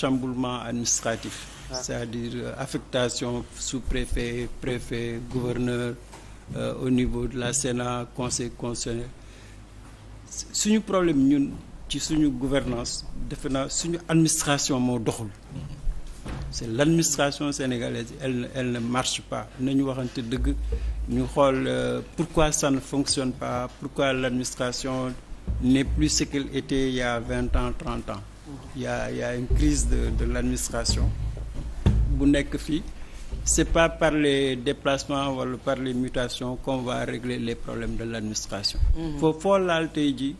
chamboulement administratif ah. c'est-à-dire euh, affectation sous-préfet préfet gouverneur euh, au niveau de la Sénat conseil constitutionnel suñu problème ñun ci suñu gouvernance defe naa suñu administration moo doxul c'est l'administration sénégalaise elle elle ne marche pas nañu waxante dëgg ñu xool euh, pourquoi ça ne fonctionne pas pourquoi l'administration n'est plus ce qu'elle était il vingt ans trente ans il y une crise de de l'administration bu nekk fii c'est pas par les déplacements wala par les mutations qu'on va régler les problème de l'administration mhm. foofu foo laal tey ji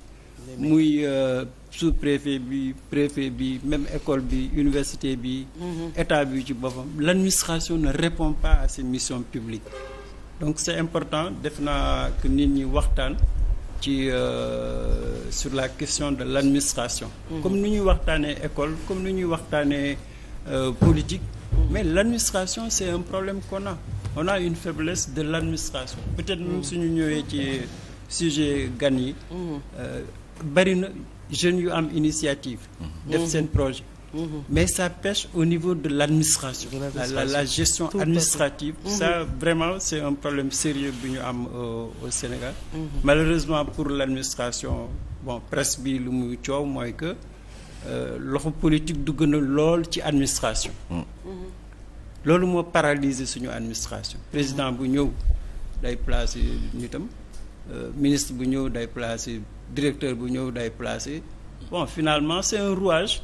muy euh, sous-préfet bi préfet bi même école bi université bi mhm. état bi ci boppam l'administration ne répond pas à ses missions publiques donc c'est important def naa que nit ñi waxtaan ci euh, sur la question de l'administration mm -hmm. comme nu ñuy waxtaanee école comme nu ñuy waxtaanee euh, politique mhm. mais l'administration c'est un problème qu'on a on a une faiblesse de l'administration peut-être même mhm. suñu ñëwee ci sujet gan yi mhm. euh, bari na jeunes yu am initiative def seen projet mais ça pêche au niveau de l'administration la, la, la gestion Tout administrative ça vraiment c'est un problème sérieux bi ñu am euh, au Sénégal malheureusement pour l'administration bon presse bi lu muy coow mooy que euh, loxo politique dugg na lool ci administration. Mm. Mm-hmm. loolu moo paralyser suñu administration. président bu ñëw day placer nitam euh, ministre bu ñëw day placer directeur bu ñëw day placer bon finalement c'est un rouage.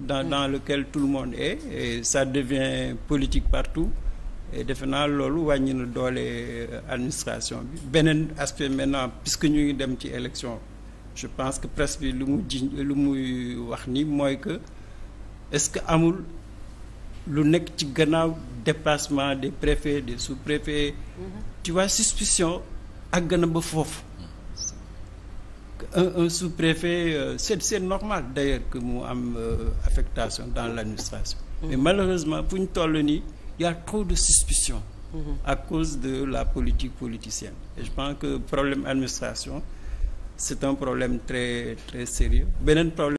dans dans lequel tout le monde est et ça devient politique partout. et defe naa loolu wàññi na doole euh, administration bi beneen aspect maintenant puisque ñu ngi dem ci élection je pense que presse bi lu mu jiñ lu muy wax ni mooy que est-ce que amul lu nekk ci gannaaw déplacement des préfets des sous-préfets mm-hmm. tu vois suspicion àgg na ba foofu un un sous-préfet euh, c'est c'est normal d'ailleurs que mu am euh, affectation dans l'administration mm-hmm. mais malheureusement fu ñu toll nii il y a trop de suspicion mm-hmm. à cause de la politique politicienne et je pense que problème administration c'est un problème très très sérieux beneen problème